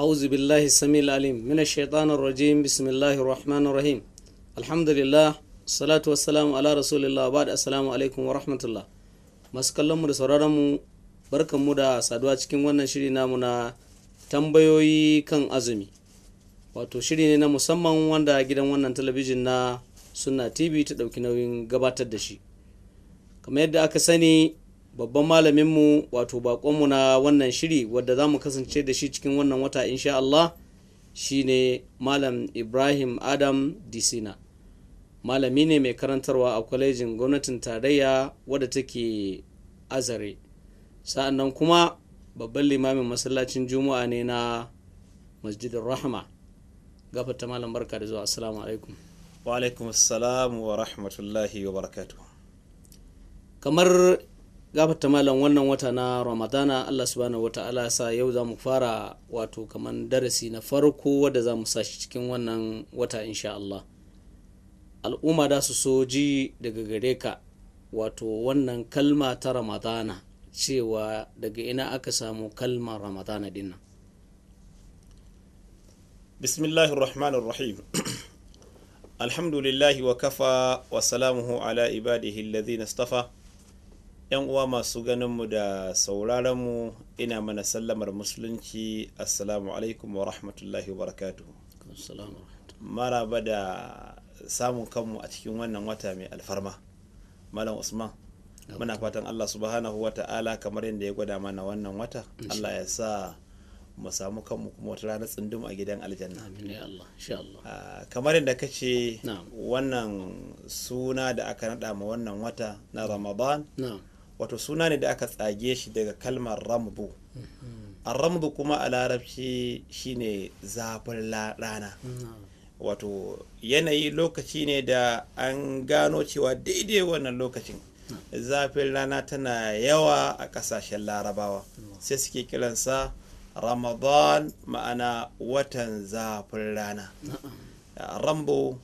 أعوذ بالله السميع العليم من الشيطان الرجيم بسم الله الرحمن الرحيم الحمد لله الصلاة والسلام على رسول الله بعد السلام عليكم ورحمة الله masu kallonmu da da saduwa cikin wannan shiri namu na tambayoyi kan azumi wato shiri ne na musamman wanda gidan wannan talabijin na suna tv ta ɗauki nauyin gabatar da shi kamar yadda aka sani babban malaminmu wato bakonmu na wannan shiri wadda za mu kasance da shi cikin wannan wata insha Allah shine malam ibrahim adam disina malami ne mai karantarwa a kwalejin gwamnatin tarayya wadda take azare sa'annan kuma babban limamin masallacin juma'a ne na masjidin rahama gafata malam barka da zuwa assalamu alaikum wa alaikum wa rahmatullahi wa barakatuh kamar gafata malam wannan wata na ramadana allah subhanahu wa ta'ala sa yau za mu fara wato kaman darasi na farko wadda za mu sa shi cikin wannan wata insha allah al'umma da su soji daga gare ka wato wannan kalma ta ramadana cewa daga ina aka samu kalma ramadana dinnan bismillahi rahim alhamdulillahi wa kafa wa salamuhu ala ibadihi alladhina nastafa. yan uwa masu ganinmu da sauraronmu ina mana sallamar musulunci assalamu alaikum wa rahmatullahi wa maraba da samun kanmu a cikin wannan wata mai alfarma malam usman muna fatan allah subhanahu wa ta'ala kamar yadda ya gwada mana wannan wata allah ya sa mu samu kanmu kuma wata rana tsundum a gidan aljanna ah, kamar yadda ka ce wannan suna da aka nada ma wannan wata na ramadan wato suna ne da aka tsage shi daga kalmar rambu mm-hmm. rambu kuma a larabci shine zafin rana mm-hmm. wato yanayi lokaci ne da an gano cewa daidai wannan lokacin mm-hmm. zafin rana tana yawa a kasashen larabawa sai suke kiransa ramadan ma'ana watan zafin rana rambo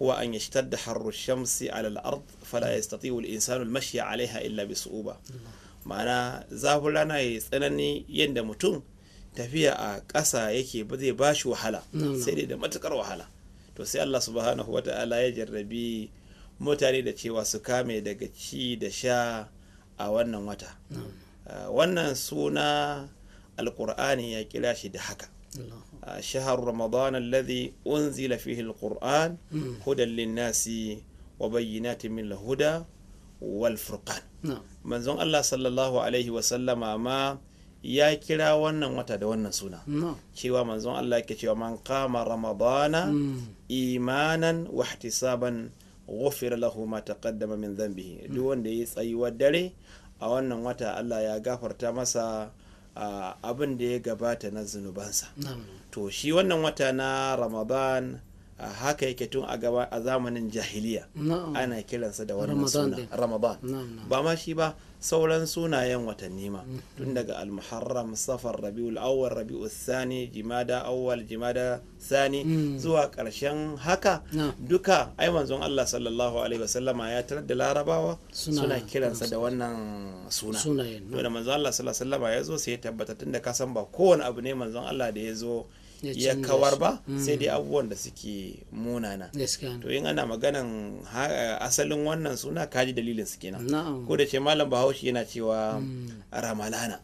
shamsi a يشتد حر الشمس على الأرض فلا يستطيع الإنسان alaiha illa bisu uba ma'ana zafin rana ya tsanani yadda mutum tafiya a ƙasa yake ba zai ba shi wahala sai dai da matukar wahala to sai Allah subhanahu wa ta'ala ya jarrabi mutane da cewa su kame daga ci da sha a wannan wata wannan suna Alƙur'ani ya kira shi da haka A shahar ramadan alladhi unzila fihi alquran hudan linnasi wa bayyinatin min alhuda wal furqan manzon Allah sallallahu alaihi wa sallama ma ya kira wannan wata da wannan suna cewa manzon Allah yake cewa man kama ramadana imanan wa ihtisaban ghufira lahu ma taqaddama min dhanbihi duk wanda ya yi tsayuwar dare a wannan wata Allah ya gafarta masa abin da ya gabata na zunubansa to shi wannan wata na ramadan haka yake tun a gaba a zamanin jahiliya ana kiransa da wannan suna ramadan ba ma shi ba sauran sunayen watanni ma mm-hmm. tun daga al almuharram safar rabiul awwal rabiul sani jimada awwal jimada sani mm. zuwa karshen haka duka ai manzon Allah sallallahu alaihi wasallama ya tarar da larabawa suna kiransa da wannan suna to da manzon Allah sallallahu alaihi wasallama ya zo sai ya tabbatar da ka san ba kowane abu ne manzon Allah da ya zo ya kawar ba mm. sai dai abubuwan da suke munana to in ana maganan asalin wannan suna kaji dalilin su kenan ko da ce malam bahaushe yana cewa mm. ramalana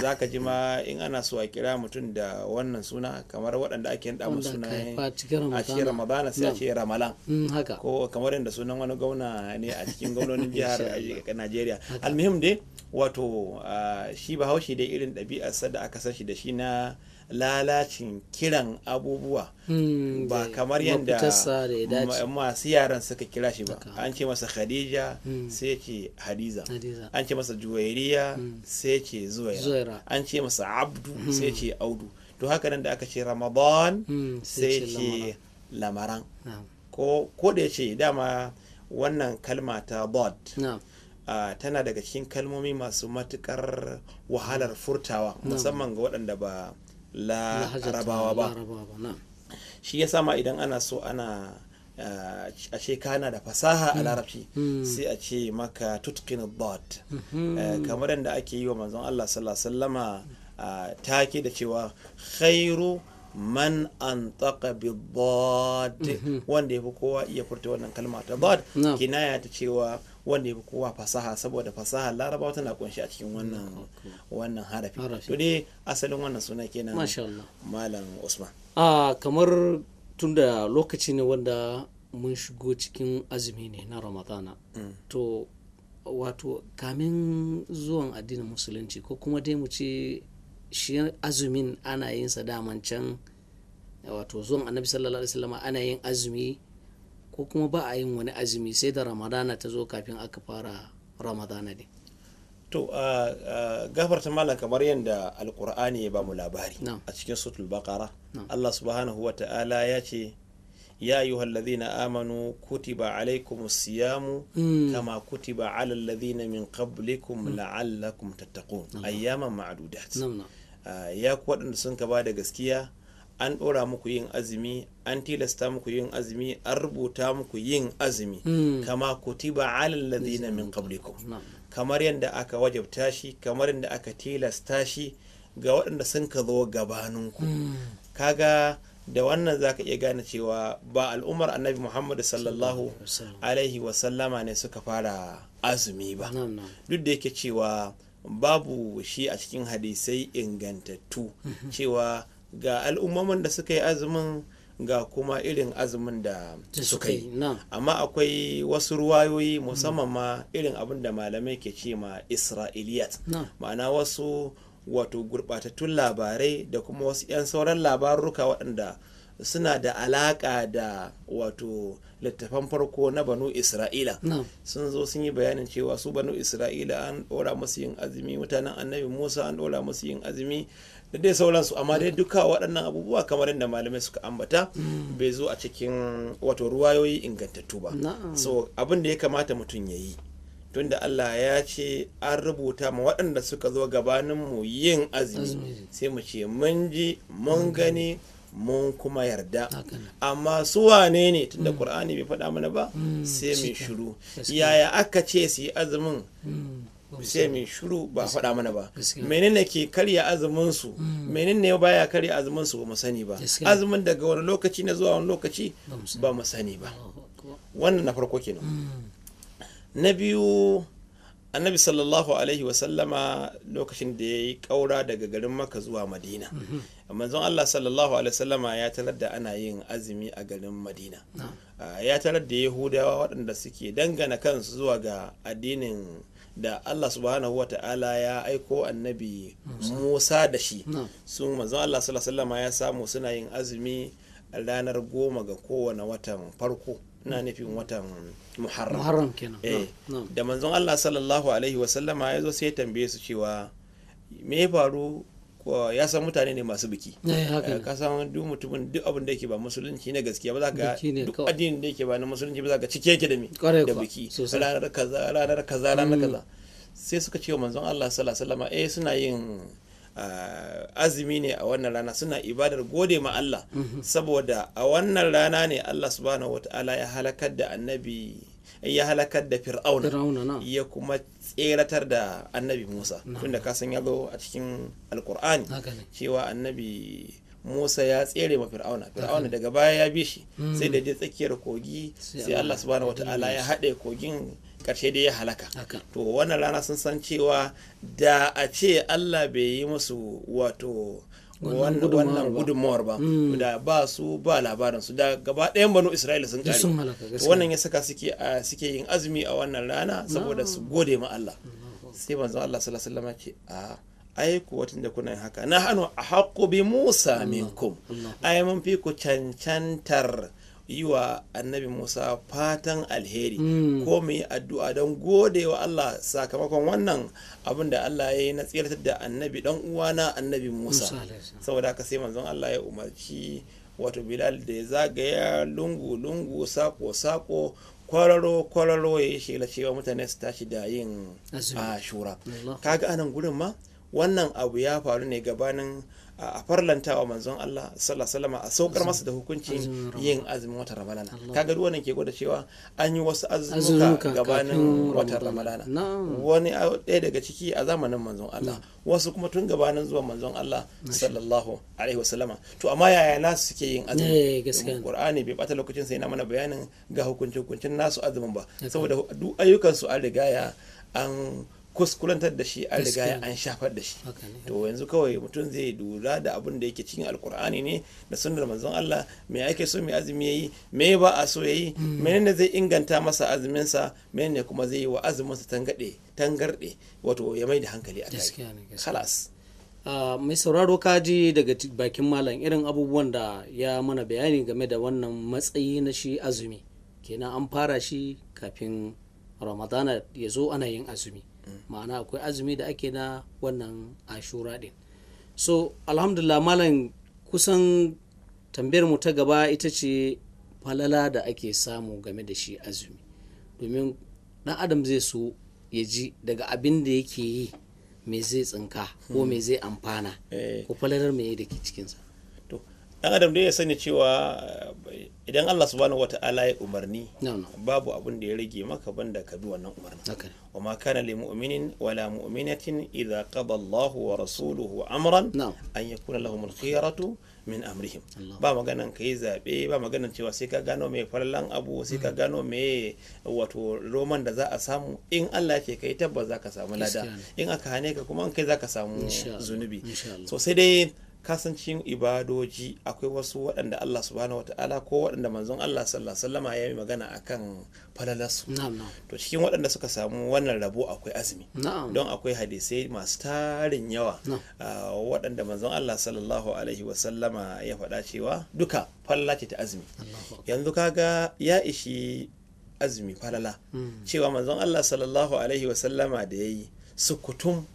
za ka ji ma in ana so a kira mutum da wannan suna kamar waɗanda ake yin musu suna a cikin ramadana sai a ce ramalan mm, ko kamar yadda sunan wani gwamna ne a cikin gaunonin jihar najeriya almuhim dai wato ah, shi bahaushe dai irin ɗabi'arsa da aka san shi da shi na lalacin kiran abubuwa hmm, ba kamar yadda masu yaran suka kira shi ba an ce masa khadija hmm. sai ce hadiza an ce masa juwairiya hmm. sai ce zuwaira an ce masa abdu sai ce audu to haka nan da aka ce ramadan sai ce lamaran ko da ce dama wannan kalma ta bod tana daga cikin kalmomi masu matukar wahalar furtawa musamman ga waɗanda ba larabawa ba shi ya sama idan ana so ana eh, a ce kana da fasaha a hmm. larabci hmm. sai a ce maka tutkin bot hmm. eh, kamar yadda ake yi wa manzon Allah sallama eh, take da cewa khairu man an taka bi wanda ya fi kowa iya furta wannan kalma ta dot kinaya ta cewa wanda ya fi kowa fasaha saboda fasaha larabawa tana kunshi a cikin wannan mm, wannan harafi to dai asalin wannan suna kenan malam usman a kamar tunda lokaci ne wanda mun shigo cikin azumi ne na ramadana mm. to wato kamin zuwan addinin musulunci ko kuma dai mu ce shi azumin ana yin sa daman can wato zuwan annabi sallallahu alaihi wasallam ana yin azumi ko kuma ba a yin wani azumi sai da ramadana ta zo kafin aka fara ramadana ne to gafarta malam kamar yadda alkur'ani ya ba mu labari a cikin sutul bakara allah subhanahu wa ta'ala ya ce ya yi na amanu kutiba alaikum siyamu hmm. kama kutiba ala alladhina min qablikum hmm. la'allakum tattaqun ayyaman ma'dudat ya ku waɗanda sun ka ba da gaskiya an ɗora muku yin azumi an tilasta muku yin azumi an rubuta muku yin azumi hmm. kama kutiba alal ladina min qablikum kamar yadda aka wajabta shi kamar yadda aka tilasta shi ga waɗanda sun ka zo gabaninku hmm. kaga da wannan za ka iya gane cewa ba al'ummar annabi muhammadu sallallahu alaihi wasallama ne suka fara azumi ba duk da yake cewa babu shi a cikin hadisai ingantattu mhm. cewa ga al'ummomin da suka yi azumin ga kuma irin azumin da suka yi amma akwai wasu ruwayoyi musamman ma irin abin da malamai ke ce ma isra'iliyat ma'ana wasu wato gurɓatattun labarai da kuma wasu 'yan sauran labaruka waɗanda suna da alaƙa da wato littafan farko na banu isra'ila sun zo sun yi bayanin cewa su banu isra'ila an ɗora musu yin azumi mutanen annabi musa an ɗora musu yin azumi da dai sauransu amma dai duka waɗannan abubuwa kamar yadda malamai suka ambata bai zo a cikin wato ruwayoyi ingantattu ba so abin da ya kamata mutum ya yi tunda Allah ya ce an rubuta ma waɗanda suka zo mu yin azumi sai mu ce mun ji mun gani mun kuma yarda amma su wane ne tunda mm. Qur'ani bai faɗa mana ba mm. sai mu shiru yaya aka ce su yi azumin mm. sai mai shuru ba faɗa mana ba menene ke karya azumin su mm. menene baya karya azumin su ba mu sani ba azumin daga wani lokaci na zuwa wani lokaci ba mu sani ba wannan na farko kenan mm. na biyu annabi sallallahu alaihi wasallama lokacin da ya yi ƙaura daga garin maka zuwa madina mm-hmm. manzon allah sallallahu alaihi wasallama ya tarar da ana yin azumi a garin madina ah, ya tarar da yahudawa waɗanda suke dangana kansu zuwa ga addinin da Allah subhanahu wa ta'ala ya aiko annabi Musa da shi su manzon Allah sallallahu ya samu suna yin azumi a ranar goma ga kowane watan farko ina mm. nufin watan Muharram eh, da manzon Allah sallallahu alaihi wasallama ya zo sai tambaye su cewa me ya faru ya san mutane ne masu biki eh, eh, ka san duk mutumin duk abin da yake ba musulunci ne gaskiya ba za ka duk addinin da yake ba na musulunci ba za ka cike yake da mi da biki ranar kaza ranar kaza ranar mm. kaza sai suka ce wa manzon Allah sallallahu alaihi wasallam eh suna yin ah, azumi ne a wannan rana suna ibadar gode ma Allah mm-hmm. saboda a wannan rana ne Allah subhanahu wataala ya halakar da annabi ya halakar da fir'auna ya kuma tseratar da annabi musa tunda ka san ya a cikin alkur'ani cewa annabi musa ya tsere ma fir'auna fir'auna daga baya ya bi shi hmm. sai da je tsakiyar kogi sai allah subhanahu ta'ala ya haɗe kogin karshe dai ya halaka to wannan rana sun san cewa da a ce allah bai yi musu wato wannan gudunmawar ba hmm. da ba su ba labarin su da gaba ɗayan banu isra'ila sun kare wannan ya saka suke yin azumi a wannan rana saboda su gode ma Allah sai manzo Allah sallallahu alaihi wasallam a ai ku watan da kuna haka na hanu a haƙo bi musa minkum ai mun fi ku cancantar yi wa annabi musa fatan alheri mm. ko mu yi addu'a don gode wa allah sakamakon wannan abin da allah ya yi na tsirtar da annabi dan uwana annabi musa saboda haka sai manzon allah ya umarci wato bilal da ya zagaya lungu lungu sako sako kwararo kwararo ya yi shela cewa mutane su tashi da yin ashura kaga anan gurin ma wannan abu ya faru ne gabanin a farlantawa manzon Allah sallallahu a saukar masa da hukuncin yin azumin watan Ramadana kaga duk wannan ke gwada cewa an yi wasu azumuka gabanin watan Ramadana wani ɗaya daga ciki a zamanin manzon Allah wasu kuma tun gabanin zuwa manzon Allah sallallahu alaihi wasallama to amma yaya nasu suke yin azumin eh, Qur'ani bai bata lokacin sai na mana bayanin ga hukuncin hukuncin nasu azumin ba saboda duk ayyukan su an rigaya an kuskurantar da shi an riga an shafar da shi to yanzu kawai mutum zai lura da abin da yake cikin alkur'ani ne da sunnar manzon Allah me ake so mai azumi yayi me ba a so yayi hmm. menene zai inganta masa azumin sa menene kuma zai yi wa azumin sa tangade tangarde wato ya mai da hankali a kai khalas ah, mai sauraro kaji daga bakin malam irin abubuwan da ya mana bayani game da wannan matsayi na shi azumi kenan an fara shi kafin ramadana ya zo ana yin azumi ma'ana akwai azumi da ake na wannan ashura din so alhamdulillah malam kusan tambayar mu ta gaba ita ce falala da ake samu game da shi azumi domin dan adam zai so ya ji daga abin da yake yi me zai tsinka ko me hmm. zai amfana eh. ko falalar me da ke cikinsa dan adam dai ya sani cewa eh, idan Allah subhanahu wata'ala ya umarni babu abin da ya rage maka banda ka bi wannan umarni wa ma kana lil mu'minin wala mu'minatin idza qada Allah wa rasuluhu amran an yakuna lahum al khiyaratu min amrihim ba maganan kai zabe ba maganan cewa sai ka gano me farallan abu sai ka mm. gano me wato roman da za a samu in Allah ya ce kai tabbas zaka samu lada in aka hane ka kuma in kai zaka samu zunubi so sai dai kasancin ibadoji akwai wasu waɗanda Allah subhanahu wa ta'ala ko waɗanda manzon Allah sallallahu alaihi wasallama ya yi magana akan falalarsu to cikin waɗanda suka samu wannan rabo akwai azumi don akwai hadisai masu tarin yawa waɗanda manzon Allah sallallahu alaihi wasallama ya faɗa cewa duka falala ce ta azumi yanzu kaga ya ishi azumi falala hmm. cewa manzon Allah sallallahu alaihi wasallama da ya yi sukutum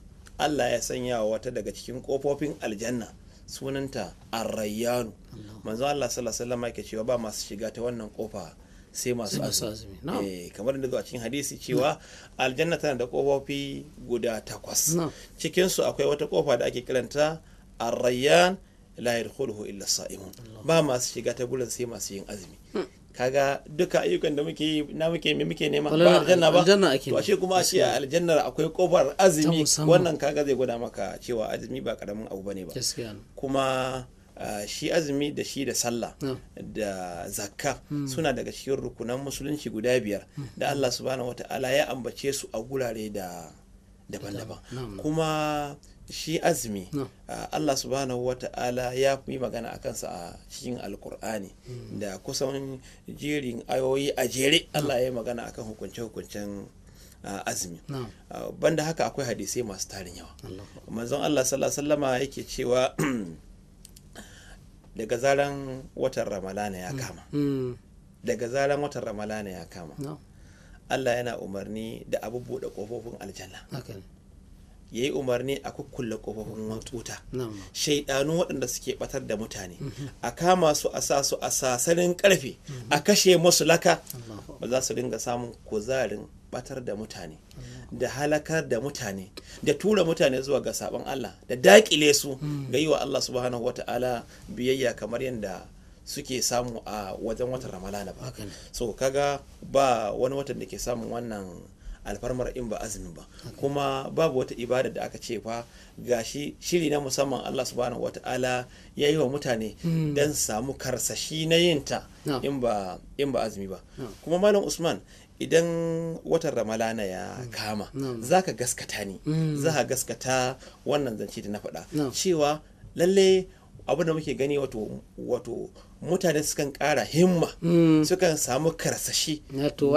Allah ya sanya wata daga cikin kofofin aljanna sunanta arrayyanu manzo Allah sallallahu alaihi wasallam yake cewa ba masu shiga ta wannan kofa sai masu azumi eh kamar da zuwa cikin hadisi cewa aljanna tana da kofofi guda takwas cikin su akwai wata kofa da ake kiranta arrayyan la yadkhuluhu illa sa'imun ba masu shiga ta gurin sai masu yin azumi hmm. kaga duka ayyukan da muke yi na muke mai muke nema ba aljanna ba to ashe kuma ashe a aljannar akwai kofar azumi wannan kaga zai gwada maka cewa azumi ba karamin abu bane ba kuma shi azumi da shi da sallah da zakka hmm. suna daga cikin rukunan musulunci guda biyar hmm. da Allah subhanahu wataala ya ambace su a gurare da daban-daban kuma shi azumi Allah subhanahu wa ta'ala ya yi magana a kansa a cikin alkur'ani mm. da kusan jerin ayoyi a jere Allah ya yi magana akan hukunce-hukuncen azumi banda haka akwai hadisai masu tarin yawa manzon Allah sallama yake cewa daga zaren mm. mm. watan ramalana ya kama daga zaren watan ramalana ya kama Allah yana umarni da abubuwa da kofofin aljanna ya yi umarni a kukkulle kofofin wuta shaidanu waɗanda suke batar da mutane mhm. a kama su a sa su a sasanin karfe mhm. a kashe masu laka ba za su dinga samun kuzarin batar da mutane da halakar da mutane da tura mutane zuwa ga sabon Allah da dakile su ga hmm. yi wa Allah subhanahu wata'ala biyayya kamar yadda suke samu a wajen watan ramadana ba so kaga ba wani watan da ke samun wannan alfarmar in ba azumi ba kuma babu wata ibada da aka ce fa shi shiri na musamman Allah subhanahu wata'ala ya yi wa mutane hmm. Dan samu karsashi na yin ta in ba azumi ba kuma malam usman idan watan ramalana ya hmm. kama za ka gaskata ne. Hmm. za ka gaskata wannan zance da na faɗa cewa lalle abinda da muke gani wato wato mutane sukan kara himma mm. sukan samu karsashi to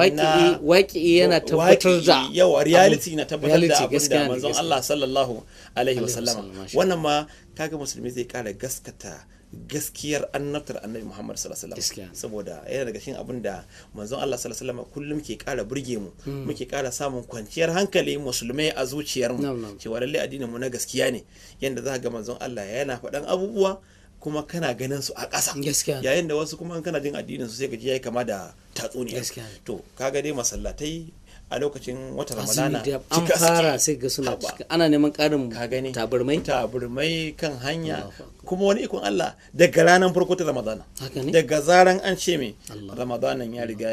waki yana tabbatar da yawa reality na tabbatar da abinda manzon Allah sallallahu alaihi wasallama wannan ma kaga musulmi zai kara gaskata gaskiyar annabtar annabi Muhammad sallallahu alaihi wasallam saboda yana daga cikin abin da manzon Allah sallallahu alaihi wasallam kullum ke kara burge mu hmm. muke kara samun kwanciyar hankali musulmai a zuciyar mu cewa lalle addinin mu na gaskiya ne yanda za ga manzon Allah yana faɗan abubuwa kuma kana ganin su a ƙasa yayin da wasu kuma kana jin addinin su sai ka ji yayi kama da tatsuniya to kaga dai masallatai a lokacin wata ramadana an fara sai ga suna cika ana neman karin taburmai taburmai kan hanya kuma wani ikon Allah daga ranar farko ta ramadana daga zaran an ce me ramadanan ya riga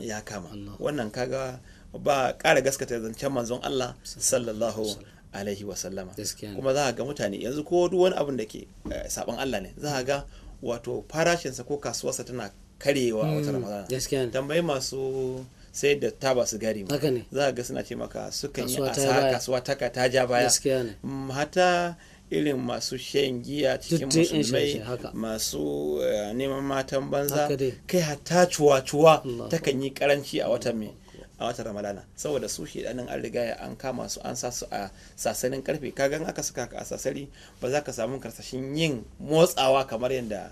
ya kama wannan kaga ba ƙara gaskata zancen manzon Allah sallallahu alaihi wa sallama kuma za ga mutane yanzu ko duk wani abin da ke eh, saban Allah ne za ga wato farashinsa ko kasuwarsa tana karewa wata hmm, ramadana tambayi masu sai da ta ba su gari ba za ga suna ce maka sukan yi asara kasuwa ta ta ja baya mm, hata irin masu shan giya cikin musulmai masu eh, neman matan banza kai hata cuwa-cuwa takan yi karanci a watan mai a watan ramadana saboda su shedanin an riga an kama su an sa su a sasanin karfe kagan aka suka a sasari ba za ka samu karsashin yin motsawa kamar yadda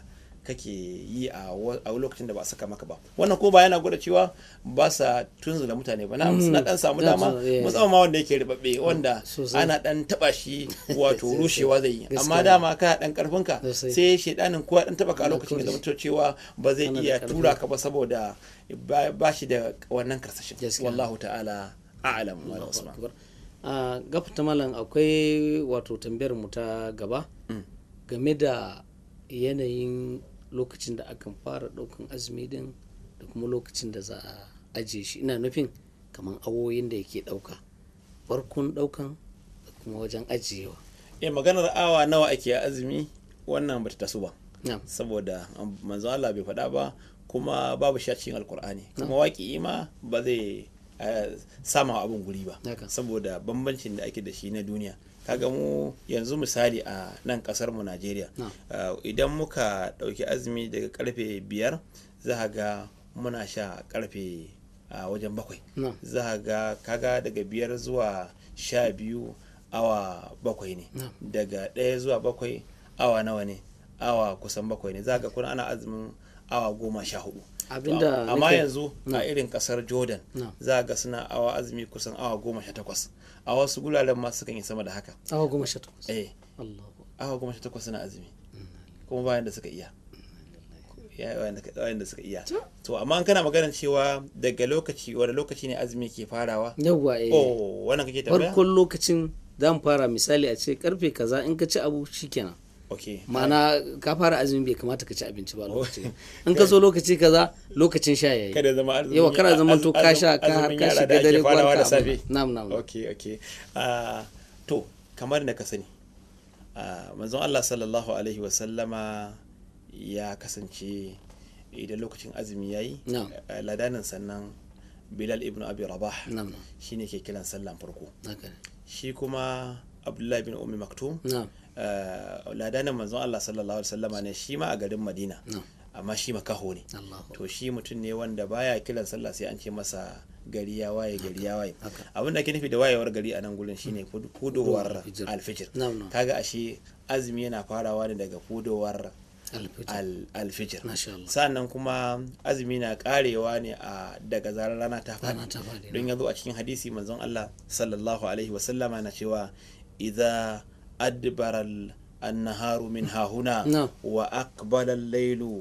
kake yi a lokacin da ba saka maka ba wannan kuma ba yana gwada cewa ba sa tunzula mutane ba na hmm. suna dan samu dama eh. musamman ma wanda yake ribabbe wanda ana dan taba shi wato rushewa zai yi amma dama ka dan ka sai shedanin ko dan taba ka a lokacin da mutum cewa ba zai iya tura ka ba saboda ba shi da wannan karsashin wallahu ta'ala a'lam wa a gafta malam akwai wato tambayar mu ta gaba hmm. game da yanayin lokacin da akan fara ɗaukan azumi din da kuma lokacin da za a ajiye shi ina nufin kamar awoyin da yake ɗauka farkon ɗaukan da kuma wajen ajiyewa eh maganar awa nawa ake azumi wannan bata taso ba saboda manzo Allah bai faɗa ba kuma babu shacin alkur'ani kuma waƙi ma ba zai eh, sama abin guri ba saboda bambancin da ake da shi na duniya kaga mu yanzu misali a nan kasar mu Najeriya uh, idan muka dauki azumi daga karfe biyar za ga muna sha karfe a uh, wajen bakwai za ga kaga daga biyar zuwa sha biyu awa bakwai ne daga ɗaya zuwa bakwai awa nawa ne awa kusan bakwai ne za ga kuna ana azumin awa goma sha hudu abinda amma yanzu a irin kasar jordan za ga suna awa azumi kusan awa goma sha takwas a wasu gulalen ma sukan yi sama da haka awa goma sha takwas eh awa goma sha takwas suna azumi kuma bayan da suka iya yayin da suka iya to amma an kana maganar cewa daga lokaci wani lokaci ne azumi ke farawa yawwa eh oh wannan kake tambaya farkon lokacin zan fara misali a ce karfe kaza in ka ci abu shikenan okay ma'ana ka fara azumi bai kamata ka ci abinci ba oh. lokaci in ka so lokaci kaza lokacin sha yayi kada zama azumi yawa kada zama to ka sha ka har ka shiga dare kwana da safe nam nam okay okay ah, to kamar da ka sani ah, manzon Allah sallallahu alaihi wa sallama ya kasance idan lokacin azumi yayi ah, ladanin sannan Bilal ibn Abi Rabah shine ke kiran sallan farko shi kuma Abdullahi bin Ummi Maktum Eh, ladanin manzon Allah sallallahu alaihi wasallama ne shi ma a garin Madina amma shi makaho ne to shi mutum ne wanda baya kiran sallah sai an ce masa gari ya waye gari ya waye abin da ke nufi da wayewar gari a nan gurin shine kudowar mm. alfijir kaga ashe azumi yana farawa ne daga kudowar alfijir sannan kuma azumi na karewa ne a daga zarar rana ta fadi. don yanzu a cikin hadisi manzon Allah sallallahu alaihi wasallama na cewa idza adbaral annaharu min hahuna wa akbala lailu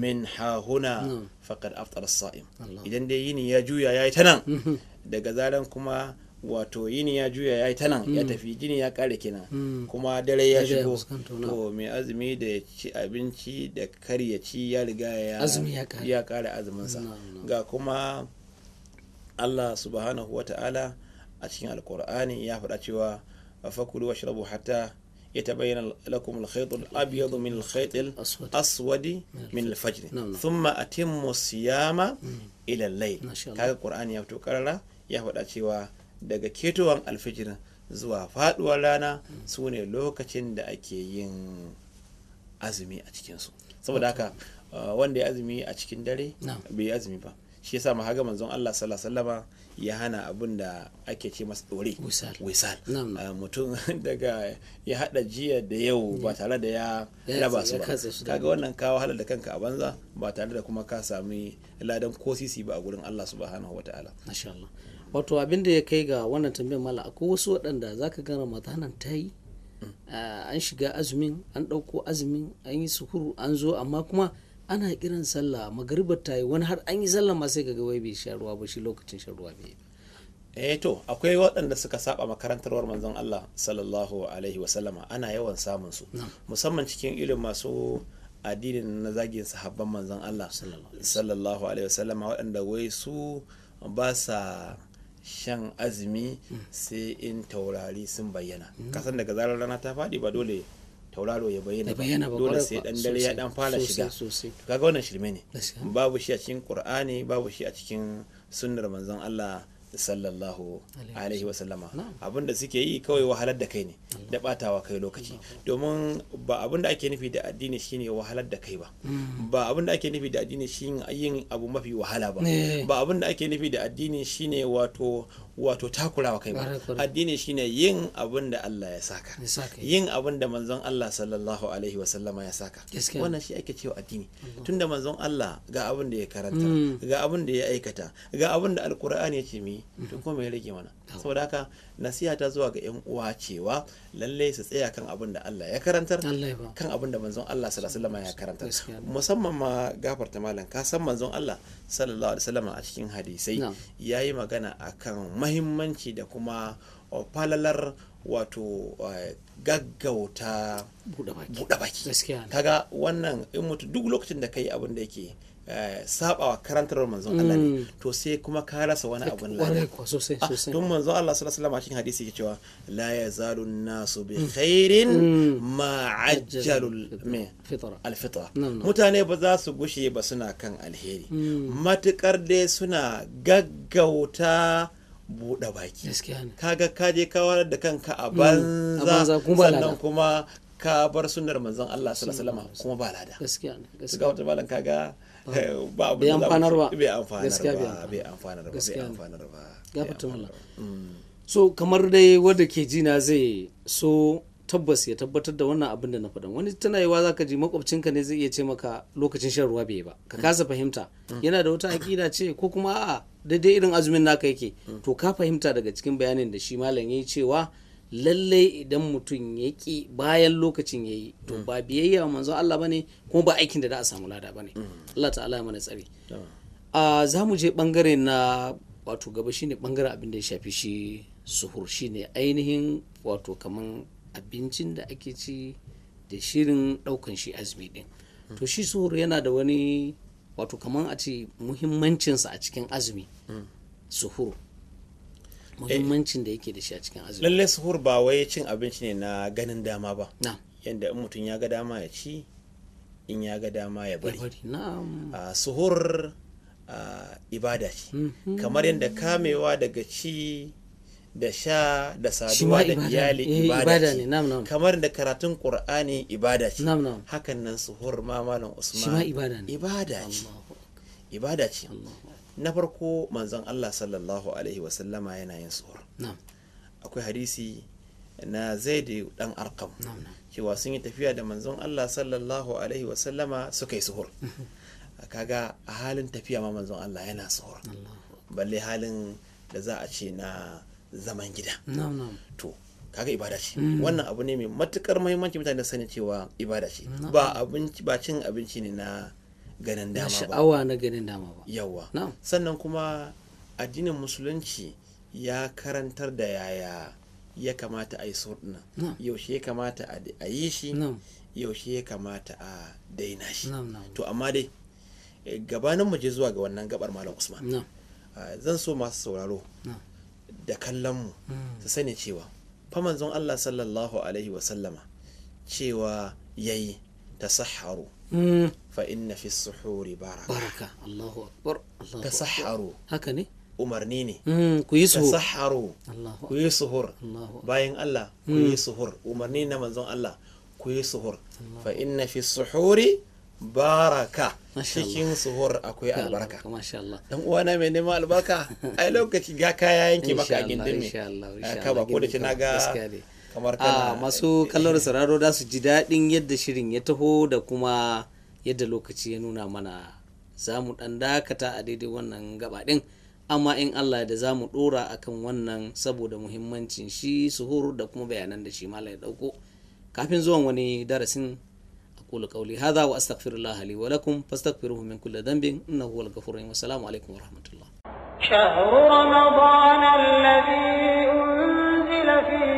min hahuna faqad aftar sa'im idan dai yini ya juya yayi ta nan daga zaran kuma wato yini ya juya ya yi ta nan ya tafi jini ya kare kina kuma dare ya shigo to mai azumi da ya ci abinci da kar ya ci ya riga ya kare azuminsa ga kuma allah subhanahu wa ta'ala a cikin alkur'ani ya faɗa cewa fa fakulu wa shirabu hata ya ta bayyana lakum alkhaytul abyad min alkhaytil aswad min alfajr thumma atimmu siyama ila al-layl kaga ƙur'ani ya fito karara ya faɗa cewa daga ketowan alfajr zuwa faduwar rana sune lokacin da ake yin azumi a cikin saboda haka wanda ya azumi a cikin dare bai yi azumi ba shi yasa ma haga manzon Allah sallallahu alaihi wasallama ya hana abin da ake ce masa dore wisal ah, mutum daga ya hada jiya da yau mm. ba tare da ya raba su ba kaga wannan ka wahala da kanka a banza ba tare da kuma ka sami ladan ko sisi ba a gurin Allah subhanahu wataala masha Allah wato abin da ya kai ga wannan tambayar mala akwai wasu waɗanda zaka ga ramadanan ta yi mm. ah, an shiga azumin an ɗauko azumin an yi suhuru an zo amma kuma ana kiran sallah magaribar ta yi wani har an yi sallah ma sai ga wai bai sha ruwa ba shi lokacin shan ruwa bai eh to akwai waɗanda suka saba makarantarwar manzon Allah sallallahu alaihi wasallama ana yawan samun su musamman cikin irin masu addinin na zagin sahabban manzon Allah sallallahu alaihi wasallama waɗanda wai su ba sa shan azumi hmm. sai in taurari sun bayyana hmm. kasan daga zarar rana ta faɗi ba dole tauraro ya bayyana ba dole sai dan dare ya dan fara shiga kaga wannan shirme ne babu shi a cikin qur'ani babu shi a cikin sunnar manzon Allah sallallahu alaihi wa Sallama. abinda suke yi kawai wahalar da kai ne da batawa kai lokaci domin ba abinda ake nufi da addini shine wahalar da kai ba mm. ba abinda ake nufi da addini shine yin abu mafi wahala ba eh. ba abinda ake nufi da addini shine wato wato takurawa kai ba addini shine yin abin da Allah ya saka yin abin da manzon Allah sallallahu alaihi wasallama ya saka wannan shi ake cewa addini tunda manzon Allah ga abin da ya karanta hmm. ga abin da ya aikata ga abin da alkur'ani ya ce mi to hmm. ko me rage mana saboda haka nasiha ta zuwa ga yan uwa cewa Lallai su tsaya kan abin da Allah ya karantar kan abin da manzon Allah sallallahu alaihi ya karantar musamman ma gafarta malam ka san manzon Allah sallallahu alaihi wasallam a cikin hadisai yayi magana akan mahimmanci da kuma uh, falalar wato uh, gaggauta buɗe baki kaga wannan in mutu duk lokacin da kai abin da yake Eh, sabawa karantar manzon Allah ne mm. to sai kuma ka rasa wani abu ah, sosai don manzon Allah sallallahu alaihi wasallam hadisi yake cewa la yazalu nasu bi mm. khairin mm. ma ajjalul fitra mutane ba za su gushe ba suna kan alheri matukar dai suna gaggauta buɗe baki kaga ka je kawar da kanka a banza sannan kuma ka bar sunnar manzon Allah sallallahu alaihi wasallam kuma ba lada gaskiya ne gaskiya wata malam kaga ba eh, abu da amfanar ba bai amfanar ba bai amfanar ba bai amfanar ba fata mallam mm. so kamar dai wanda ke jina zai so tabbas ya tabbatar da wannan abin da na faɗa wani tana yiwa zaka ji makwabcinka ne zai iya ce maka lokacin shan ruwa bai ba ka mm. kasa fahimta mm. yana da wata aƙida ce ko kuma a'a daidai irin azumin naka yake to ka fahimta daga cikin bayanin da shi malam yayi cewa lallai idan mutum ya ki bayan lokacin ya yi to mm. ba biyayya wa manzon Allah bane kuma ba aikin da za a samu lada bane mm. Allah ta'ala ya mana tsari a za mu je bangare na wato gaba shine bangaren abin da ya shafi shi suhur shine ainihin wato kaman abincin da ake ci da shirin daukan shi azumi din mm. to shi suhur yana da wani wato kaman a ce muhimmancinsa a cikin azumi suhur muhimmancin da yake da shi a cikin azumi lalle suhur ba wai cin abinci ne na ganin dama ba yadda in mutum ya ga dama ya ci in ya ga dama ya bari suhur ibada ce mhm. kamar yadda kamewa daga ci da sha da saduwa da iyali eh, ibada ce kamar da karatun qur'ani ibada ce hakan nan suhur ma malam usman ibada ce ibada ce na farko manzon Allah sallallahu alaihi wasallama yana yin suhur akwai hadisi na zai da dan arkam cewa sun yi tafiya da manzon Allah sallallahu alaihi wasallama suka yi suhur kaga a halin tafiya ma manzon Allah yana suhur balle halin da za a ce na zaman gida to kaga ibada ce mm. wannan abu ne mai matukar muhimmanci mutane sani cewa ibada ce ba abinci ba cin abinci ne na ganin dama ba sha'awa na ganin dama ba sannan kuma addinin musulunci ya karantar da yaya ya kamata a yi surdina yaushe ya kamata a yi shi yaushe ya kamata a daina shi to amma dai eh, gabanin mu je zuwa ga wannan gabar malam usman ah, zan so masu sauraro da kallon mu hmm. su sani cewa famanzon allah sallallahu alaihi wasallama cewa yayi tasahharu fa inna fi suhuri baraka baraka Allahu akbar Allahu tasahharu haka ne umarni ne mm, ku yi suhur tasahharu ku yi suhur bayan Allah ku yi mm. suhur umarni na manzon Allah ku yi suhur fa inna fi suhuri baraka cikin suhur akwai albarka dan uwana mai neman albarka ai lokaci ga kaya yanke maka a gindin me ka ba ko da na ga kamar kana masu kallon sauraro da su ji daɗin yadda shirin ya taho da kuma yadda lokaci ya nuna mana za mu ɗan dakata a daidai wannan gabaɗin amma in Allah da za mu ɗora akan wannan saboda muhimmancin shi suhur da kuma bayanan da shi mala ya ɗauko kafin zuwan wani darasin أقول قولي wa astaghfirullah li wa lakum fastaghfiruhu min kulli dhanbin innahu هو الغفور rahim assalamu alaikum wa rahmatullah شهر رمضان الذي أنزل فيه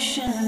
ocean.